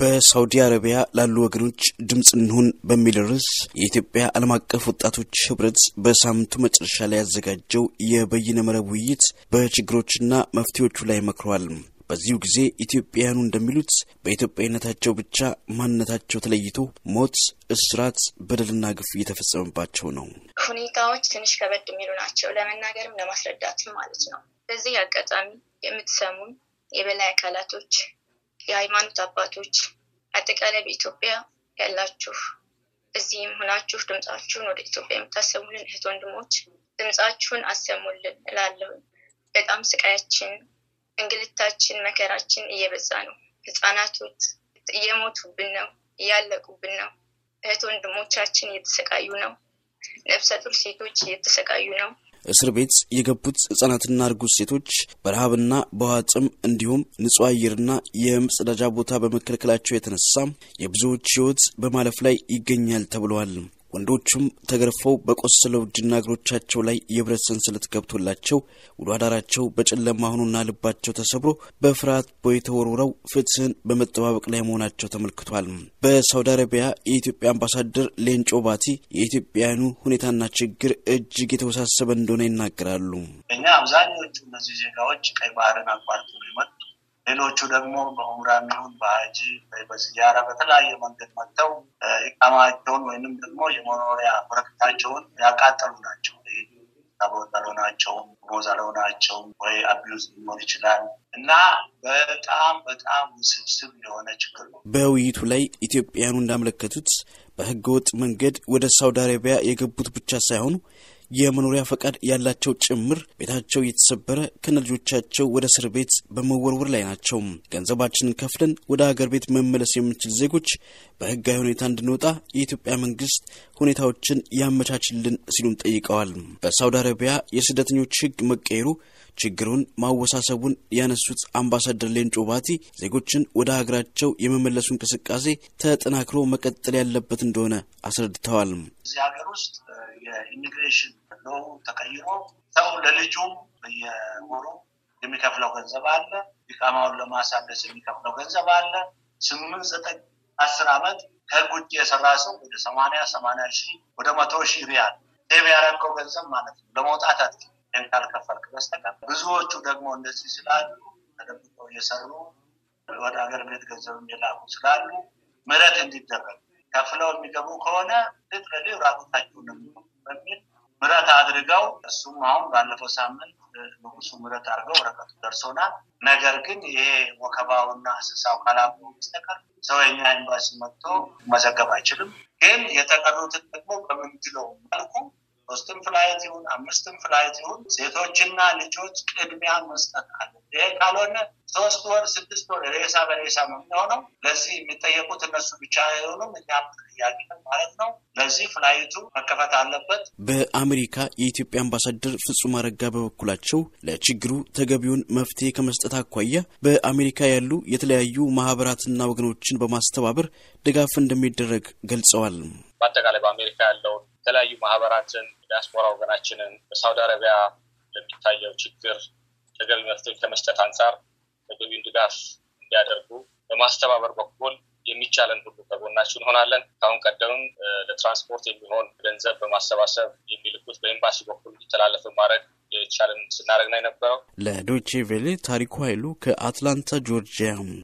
በሳውዲ አረቢያ ላሉ ወገኖች ድምፅ እንሁን በሚል ርዕስ የኢትዮጵያ ዓለም አቀፍ ወጣቶች ህብረት በሳምንቱ መጨረሻ ላይ ያዘጋጀው የበይነ መረብ ውይይት በችግሮችና መፍትሄዎቹ ላይ መክረዋል። በዚሁ ጊዜ ኢትዮጵያውያኑ እንደሚሉት በኢትዮጵያዊነታቸው ብቻ ማንነታቸው ተለይቶ ሞት፣ እስራት፣ በደልና ግፍ እየተፈጸመባቸው ነው። ሁኔታዎች ትንሽ ከበድ የሚሉ ናቸው፣ ለመናገርም ለማስረዳትም ማለት ነው። በዚህ አጋጣሚ የምትሰሙን የበላይ አካላቶች የሃይማኖት አባቶች፣ አጠቃላይ በኢትዮጵያ ያላችሁ እዚህም ሆናችሁ ድምፃችሁን ወደ ኢትዮጵያ የምታሰሙልን እህት ወንድሞች ድምፃችሁን አሰሙልን እላለሁ። በጣም ስቃያችን፣ እንግልታችን፣ መከራችን እየበዛ ነው። ህፃናቶች እየሞቱብን ነው፣ እያለቁብን ነው። እህት ወንድሞቻችን እየተሰቃዩ ነው። ነፍሰ ጡር ሴቶች እየተሰቃዩ ነው። እስር ቤት የገቡት ህጻናትና እርጉዝ ሴቶች በረሃብና በውሃ ጥም እንዲሁም ንጹህ አየርና የመጸዳጃ ቦታ በመከልከላቸው የተነሳ የብዙዎች ህይወት በማለፍ ላይ ይገኛል ተብለዋል። ወንዶቹም ተገርፈው በቆሰለው እጅና እግሮቻቸው ላይ የብረት ሰንሰለት ገብቶላቸው ውሎ አዳራቸው በጨለማ ሆኖና ልባቸው ተሰብሮ በፍርሃት ቦይ ተወርውረው ፍትህን በመጠባበቅ ላይ መሆናቸው ተመልክቷል። በሳውዲ አረቢያ የኢትዮጵያ አምባሳደር ሌንጮ ባቲ የኢትዮጵያውያኑ ሁኔታና ችግር እጅግ የተወሳሰበ እንደሆነ ይናገራሉ። እኛ አብዛኞቹ እነዚህ ዜጋዎች ቀይ ባህርን አቋርጠው ሌሎቹ ደግሞ በኡምራ ይሁን በሀጂ በዚያራ በተለያየ መንገድ መጥተው እቃማቸውን ወይንም ደግሞ የመኖሪያ ወረቀታቸውን ያቃጠሉ ናቸው። ቦታ አልሆናቸውም፣ አልሆናቸውም ወይ አቢዩዝ ሊሆን ይችላል እና በጣም በጣም ውስብስብ የሆነ ችግር ነው። በውይይቱ ላይ ኢትዮጵያውያኑ እንዳመለከቱት በህገወጥ መንገድ ወደ ሳውዲ አረቢያ የገቡት ብቻ ሳይሆኑ የመኖሪያ ፈቃድ ያላቸው ጭምር ቤታቸው እየተሰበረ ከነልጆቻቸው ወደ እስር ቤት በመወርወር ላይ ናቸው። ገንዘባችንን ከፍለን ወደ ሀገር ቤት መመለስ የምንችል ዜጎች በህጋዊ ሁኔታ እንድንወጣ የኢትዮጵያ መንግስት ሁኔታዎችን ያመቻችልን ሲሉም ጠይቀዋል። በሳውዲ አረቢያ የስደተኞች ህግ መቀየሩ ችግሩን ማወሳሰቡን ያነሱት አምባሳደር ሌንጮ ባቲ ዜጎችን ወደ ሀገራቸው የመመለሱ እንቅስቃሴ ተጠናክሮ መቀጠል ያለበት እንደሆነ አስረድተዋል። እዚህ ሀገር ውስጥ የኢሚግሬሽን ተቀይሮ ሰው ለልጁ በየወሩ የሚከፍለው ገንዘብ አለ። ኢቃማውን ለማሳደስ የሚከፍለው ገንዘብ አለ። ስምንት ዘጠኝ አስር ዓመት ከህግ ውጭ የሰራ ሰው ወደ ሰማንያ ሰማንያ ሺህ ወደ መቶ ሺህ ሪያል ሴቭ ያደረገው ገንዘብ ማለት ነው። ለመውጣት አት ካልከፈልክ በስተቀር ብዙዎቹ ደግሞ እንደዚህ ስላሉ ተደብቀው እየሰሩ ወደ ሀገር ቤት ገንዘብ የሚላኩ ስላሉ ምረት እንዲደረግ ከፍለው የሚገቡ ከሆነ ልጥ ለሌ ራቁታቸውን በሚል ምረት አድርገው እሱም አሁን ባለፈው ሳምንት ንጉሱ ምረት አድርገው ወረቀቱ ደርሶናል። ነገር ግን ይሄ ወከባውና ስሳው ካላቁ በስተቀር ሰው የኛ ኤምባሲ መጥቶ መዘገብ አይችልም። ግን የተቀሩትን ደግሞ በምንችለው መልኩ ሶስትም ፍላይት ይሁን አምስትም ፍላይት ይሁን ሴቶችና ልጆች ቅድሚያ መስጠት አለ። ይሄ ካልሆነ ሶስት ወር ስድስት ወር ሬሳ በሬሳ ነው የሚሆነው። ለዚህ የሚጠየቁት እነሱ ብቻ አይሆኑም፣ እኛም ጥያቄ ማለት ነው። ለዚህ ፍላይቱ መከፈት አለበት። በአሜሪካ የኢትዮጵያ አምባሳደር ፍጹም አረጋ በበኩላቸው ለችግሩ ተገቢውን መፍትሄ ከመስጠት አኳያ በአሜሪካ ያሉ የተለያዩ ማህበራትና ወገኖችን በማስተባበር ድጋፍ እንደሚደረግ ገልጸዋል። በአጠቃላይ በአሜሪካ ያለውን የተለያዩ ማህበራትን፣ ዲያስፖራ ወገናችንን በሳውዲ አረቢያ ለሚታየው ችግር ተገቢ መፍትሄ ከመስጠት አንጻር ተገቢውን ድጋፍ እንዲያደርጉ በማስተባበር በኩል የሚቻለን ሁሉ ከጎናችሁ እንሆናለን። ካሁን ቀደምም ለትራንስፖርት የሚሆን ገንዘብ በማሰባሰብ የሚልኩት በኤምባሲ በኩል እንዲተላለፍ ማድረግ የቻለን ስናደረግ ነው የነበረው። ለዶይቼ ቬሌ ታሪኩ ኃይሉ ከአትላንታ ጆርጂያ